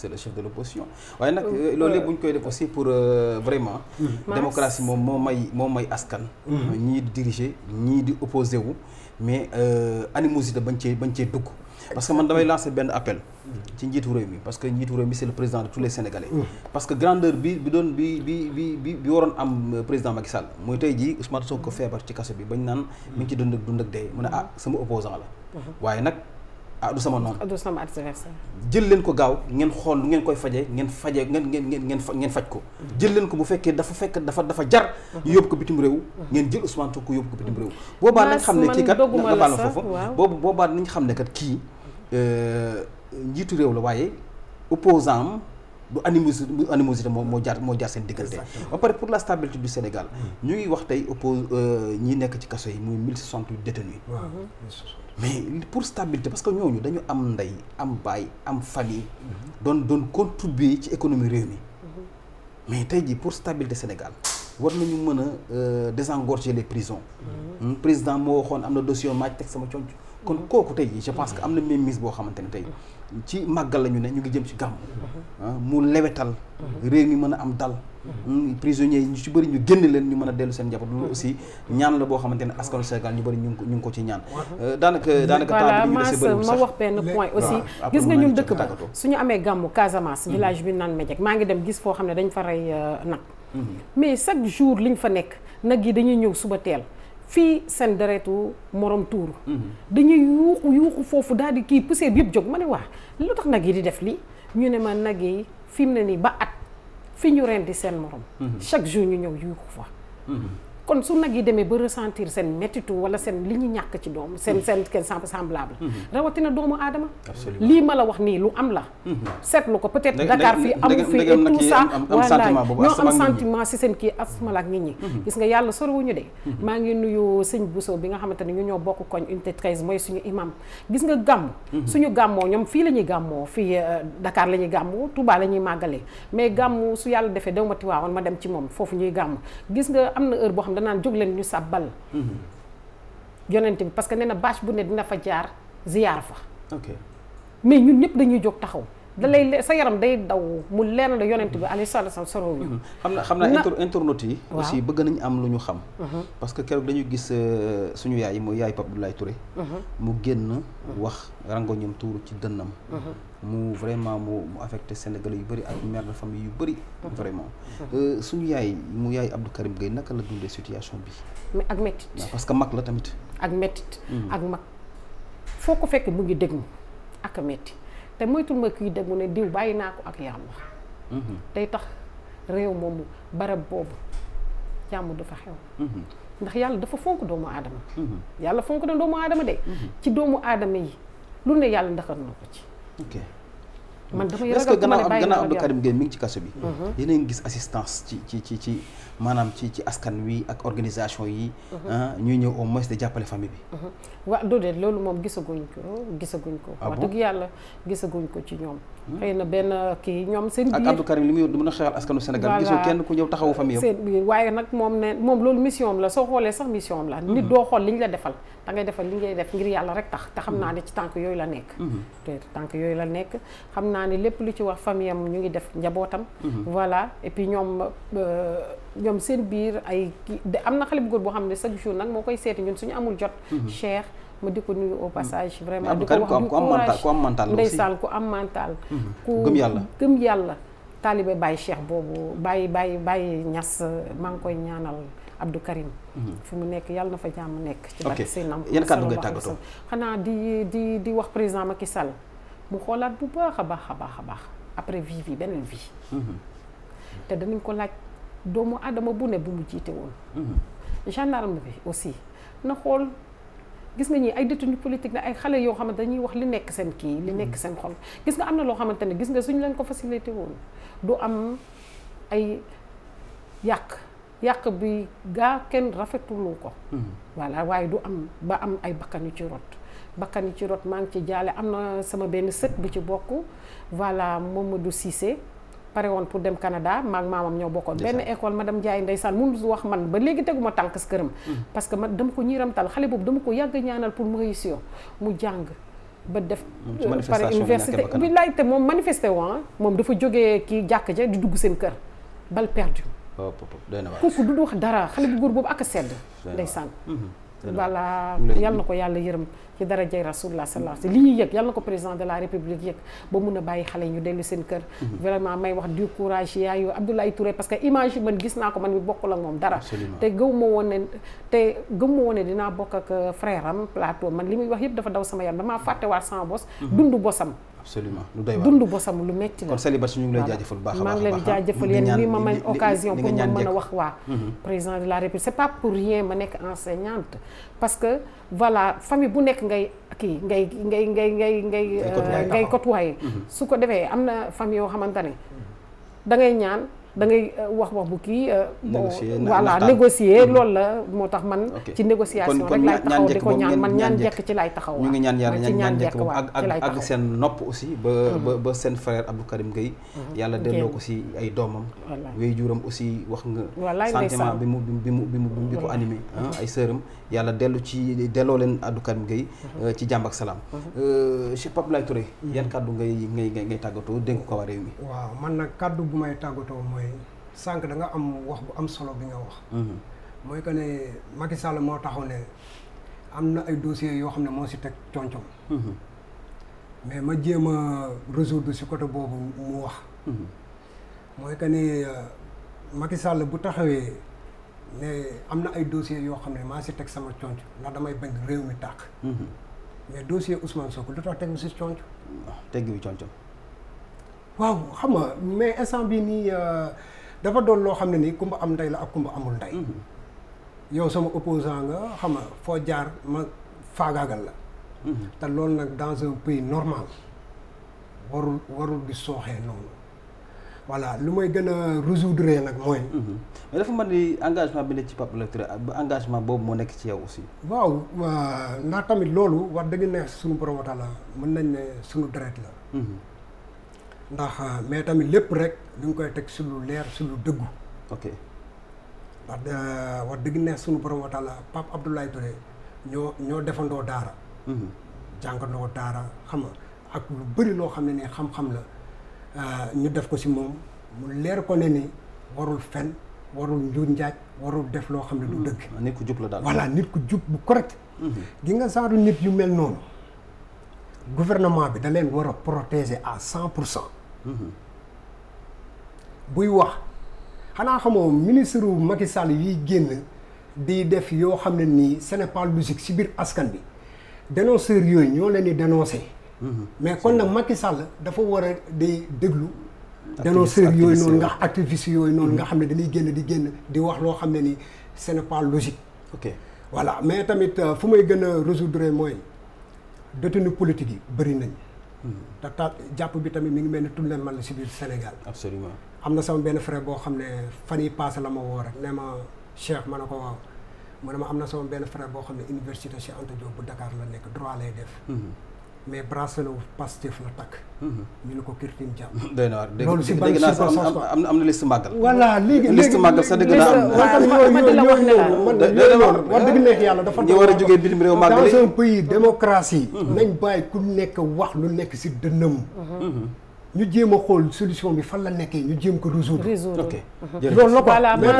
c'est le chef de l'opposition waaye nag euh, euh, loolu yëpp euh, bu ñu koy def aussi pour vraiment mm-hmm. démocratie moom moo may moo may askan mm-hmm. ñii di diriger ñii di opposé wu mais animosité bañ ce bañ cee dugg parce que man damay lancer benn appel mm-hmm. ci njiitu réew mi parce que njiitu réew mi c'est le président de tous les Sénégalais parce que grandeur bi bi doon bi bi bi bi bi waroon am président Macky Sall mooy tey jii suma Ousmane ko feebar ci kaso bi bañ naan mi ngi ci dund ak dund ak dee mu ne ah sama opposant la ah du sama noonu jël leen ko gaaw ngeen xool ngeen koy fajee ngeen fajee ngeen ngeen ngeen ngeen faj ko jël leen ko bu fekkee dafa fekk dafa dafa jar ñu yóbbu ko bitim réew ngeen jël Ousmane Sonko yóbbu ko bitim réew boobaa nañ xam ne kii kat nga baal ma foofu boobu boobaa nañ xam ne kat kii euh, njiitu réew la waaye opposant am du animosité du animosité moo moo jaar moo jaar seen diggante. ba pare pour la stabilité du Sénégal. Hmm. ñu ngi wax tey oppose euh, ñi nekk ci kaso yi muy 1068 détenus. waaw mhm. mais pour stabilité parce que ñooñu dañu am ndey am baay am famille. Mhm. doon doon contribuer ci économie réew mi. Mhm. mais tey ji pour stabilité Sénégal war nañu mën a euh, désengorger les prisons. Hmm, président moo waxoon am na dossier maa ci teg sama conc kon kooku tey je pense que am na même mise boo xamante ne tey ci màggal la ne ñu ngi jëm ci gàmm ah, mu lewetal réew ngi mën a am dal hmm, prisonniers yi ñu ci bari ñu génn leen ñu mën a dellu seen njaboot loolu aussi ñaan la boo xamante ne askanu Sénégal ñu bëri ñu ngi ko ñu ngi ko ci ñaan euh, daanaka daanaka temps bi ñu ma wax benn point aussi gis nga ñun dëkk ba ñu amee gàmmu Casamance hmm. village bi naan Médiek maa ngi dem gis foo xam ne dañ fa rey euh, nag hmm. mais chaque jour liñ fa nekk nag yi dañuy ñëw suba teel fii seen deretu morom tuuru. Mhm. dañuy yuuxu yuuxu foofu daal di kii poussière bi yëpp jóg ma ne waa lu tax nag yi di def lii ñu ne ma nag yi fi mu ne nii ba at fi ñu rendi seen morom. Mhm. chaque jour ñu ñëw yuuxu fa. Mhm. kon su nag yi demee ba ressentir seen méttitu wala seen li ñu ñàkk ci doom seen mm-hmm. seen kenn semblable mm-hmm. rawatina doomu aadama lii ma la wax nii lu am la mm-hmm. seetlu ko peut-être Dakar fii amu fi et tout ça voilà ñoo am sentiment si seen kii asmalaak nit ñi gis nga yàlla sorowuñu de maa ngi nuyu sëñ Bousso bi nga xamante ne ñu ñoo bokk koñ unité 13 mooy suñu imam gis nga gàmm suñu gàmmoo ñoom fii la ñuy gàmmoo fii euh, Dakar la ñuy gàmmoo Touba la ñuy màggalee mais gàmm su yàlla defee daw ma tiwaawoon ma dem ci moom foofu ñuy gàmm gis nga am na heure naan jóg leen ñu sàbbal mhm. yonent bi parce que nee na bâche bu ne dina fa jaar ziyaar fa ok mais ñun ñëpp dañuy jóg taxaw da lay sa yaram day daw mu leer la yonent bi alayhi salaam soroo ñu xam mhm. na xam naa internautes yi aussi bëgg nañ am lu ñu xam mhm. parce que keroog dañu gis euh, suñu yaay yi mooy yaay Pape Abdoulaye Touré mhm. mu génn wax rangoñam tuuru ci dënnam mu vraiment mu mu affecté yu bëri ak yu bëri vraiment euh, suñu yaay mu yaay Abdou Karim Gueye naka la dundee situation bi ak mettit parce que mag la tamit ak mettit ak mag foo ko fekk a metti te moytul ma kii dégg mu ne diw bàyyi naa ko ak yàlla tey mm-hmm. tax réew moomu barab boobu jàmm dafa xew mm-hmm. ndax yàlla dafa fonk doomu aadama mm-hmm. yàlla fonk na doomu aadama de ci doomu aadama yi lu ne yàlla ndaxal na ko ci man damay ragal ku ma ne bàyyi gannaaw Abdou Karim ci kaso bi. Mhm. yéen a gis assistance ci ci ci ci maanaam ci askan wi ak organisation yi. Mhm. Ah, ñuy ñëw au moins de jàppale famille bi. Mhm. waaw déedéet loolu moom gisaguñ ko gisaguñ ko. ah wax dëgg yàlla gisaguñ ko ci ñoom. Hmm? xëy na benn kii ñoom seen. biir ak Abdou Karim li muy mën a xeexal askanu Sénégal. gisoo kenn ku ñëw taxawu famille seen waaye nag moom ne moom loolu mission am la soo xoolee sax mission am la. nit hmm. doo xool li ñu la defal da ngay defal li ngay def ngir yàlla rek tax te hmm. naa ne ci tànk yooyu la nekk. naa ni lépp lu ci wax famille am ñu ngi def njabootam. Mhm. voilà et puis ñoom euh, ñoom seen biir ay am na xale bu góor boo xam ne chaque jour nag moo koy seeti ñun suñu amul jot. Mhm. cher ma di ko nuyu au mhm. passage. vraiment di ko wax ku am mental ku am mental ku am mental. ku gëm yàlla gëm yàlla. taalibe Baye boobu bàyyi bàyyi Baye Niass maa ngi koy ñaanal Abdou Karim. fi mu nekk yàlla na fa jàmm nekk. ci barke seen am. yan kàddu ngay tàggatoo xanaa di di di wax président Macky Sall. mu xoolaat bu baax a baax a baax a baax après vie bi beneen vie. Mhm. te danañ ko laaj doomu aadama bu ne bu mu jiite woon. Mhm. gendarme bi aussi na xool gis nga ay détenu politique na ay xale yoo xamante dañuy wax li nekk seen kii li nekk mhm. seen xol gis nga am na loo xamante ne gis nga suñ leen ko facilité woon du am ay yàq yàq bi gaa kenn rafetuloo ko. waaye du am ba am ay bakkan ci rot. bakkan yi ci rot maa ngi ci jaale am na sama benn sët bu ci bokk voilà moom Mamadou Cissé pare woon pour dem Canada maag maamam ñoo bokkoon benn école ma madame Ndiaye ndeysaan mun wax man ba léegi teguma tànk si këram mm. parce que man dama ko ñiiramtal xale boobu dama ko yàgg ñaanal pour mu réussir mu jàng ba def mm, euh, par université bi laay te moom manifesté woon ah. moom dafa jóge kii jàkk ja di dugg seen kër bal perdu oh, kooku du wax dara xale bu góor boobu ak a sedd ndeysaan mm-hmm. voilà yal na ko yàlla yërëm ci dara rasulullah sallallahu alayhi wasallam li ñuy yëg yal na ko président de la république yëg ba mun a bàyyi xale ñu dellu seen kër mhm. vraiment may wax du courage yaayu Abdoulaye Touré parce que image man gis naa ko man mi bokkul ak moom dara te gëw ma woon ne te gëw ma woon ne dinaa bokk ak euh, frère plateau man li muy wax yëpp dafa daw sama yaram damaa fàttewaat sama bos mhm. dund bosam absolument lu doy waar dund bosam lu metti la kon célibataire ñu ngi lay jaajëfal bu baax a baax maa ngi leen di ah. jaajëfal yéen ma may occasion pour ma mën a wax waa mhm. président de la république c'est pas pour rien ma nekk enseignante parce que voilà famille bu nekk ngay kii ngay ngay ngay ngay ngay ngay euh, côtoyé mhm. su ko defee am na famille yoo xamante ne ñaan da ngay euh, wax wax bu kii. Euh, négocier voilà négocier hmm. loolu la moo tax man. ci négociation rek laay taxaw di ko ñaan man ñaan njëkk ci laay taxaw. ñu ngi ñaan yàlla ñaan njëkk moom ak ak seen nopp aussi. Hmm. ba ba seen frère Abdou Karim Gueye. Hmm. yàlla delloo ko si ay doomam. wéy juram wax nga. sentiment bi mu bi mu bi mu bi ko animé. ay sëram yàlla dellu ci delloo leen Abdou Karim Gueye. Euh, ci jàmm ak salaam. Cheikh Pape Laye Touré. yan kàddu ngay ngay tàggatoo dénk ko waa réew mi. man nag kàddu bu may tàggatoo mooy mooy sànq da nga am wax bu am solo bi nga wax. Mhm. mooy que ne Macky Sall moo taxaw ne am na ay dossiers yoo xam ne moo si teg concom mhm. mais ma jéem a résoudre si côté boobu mu wax. Mhm. mooy que ne euh, Macky Sall bu taxawee am na ay dossiers yoo xam ne maa si teg sama conc ndax damay bañ réew mi tàkk. mais dossier Ousmane Sonko lu tax tegu si conc. waaw tegu bi concom waaw xam nga mais instant bii nii euh, dafa doon loo xam ne nii kumba am ndey la ak kumba amul ndey. Mhm. yow sama opposant nga xam nga foo jaar ma faagaagal la. Mhm. te loolu nag dans un pays normal warul warul di sooxee noonu. voilà lu may gën a résoudre nag mooy. Mhm. mais dafa mel ni engagement bi ne ci Pape Ciré Touré engagement boobu moo nekk ci yow aussi. waaw euh, ndax tamit loolu war dëgg neex suñu borom taala mën nañ ne suñu deret la. ndax ah, mais tamit lépp rek ñu ngi koy teg si lu leer si lu dëggu. ok ndax euh, wax dëgg ne suñu borom wa taala Pape Abdoulaye Touré ñoo ñoo defandoo daara. Mhm. jàngandoo daara xam nga ak lu bëri loo xam ne ni xam-xam la euh, ñu def ko si moom mu leer ko ne ni warul fen warul njuur njaaj warul def loo xam ne du mhm. dëgg. Ah, nit ku jub la daal voilà nit ku jub bu correct. Mhm. gi nga saaru nit yu mel noonu gouvernement bi da leen war a protéger à cent pour cent. buy wax xanaa xamoo ministre Macky Sall yiy génn di def yoo xam ne nii ce n'est pas logique ci biir askan bi dénonceurs yooyu ñoo leen di dénoncer. Mhm. mais kon nag Macky Sall dafa war a di déglu. dénonceurs yooyu noonu nga activiste yooyu noonu nga xam ne dañuy génn di génn di wax loo xam ne nii ce n'est pas logique. ok mais tamit euh, fu may gën a résoudre mooy détenu politique yi bëri nañ. te ta jàpp bi tamit mi ngi mel ni tout leen man la si biir Sénégal. absolument am na sama benn frère boo xam ne fan yii passé la ma woo rek nee ma Cheikh ma ne ko waaw mu ne ma am na sama benn frère boo xam ne université Cheikh Anta Diop bu dakaar la nekk droit lay def. Mhm. mais bracelet wu Pastef la takk. Mhm. ñu ne ko Kirtim Diam. doy na loolu si ban circonstance quoi am dëgg naa la wax ne la man de wax dëgg neex yàlla dafa. ñu war a jógee bitim réew màggali dans mhm. Mhm. wax lu nekk si dënnam. ñu jéem a xool solution bi fan la nekkee ñu jéem ko résoudre. résoudre ok jërëjëf loolu la quoi.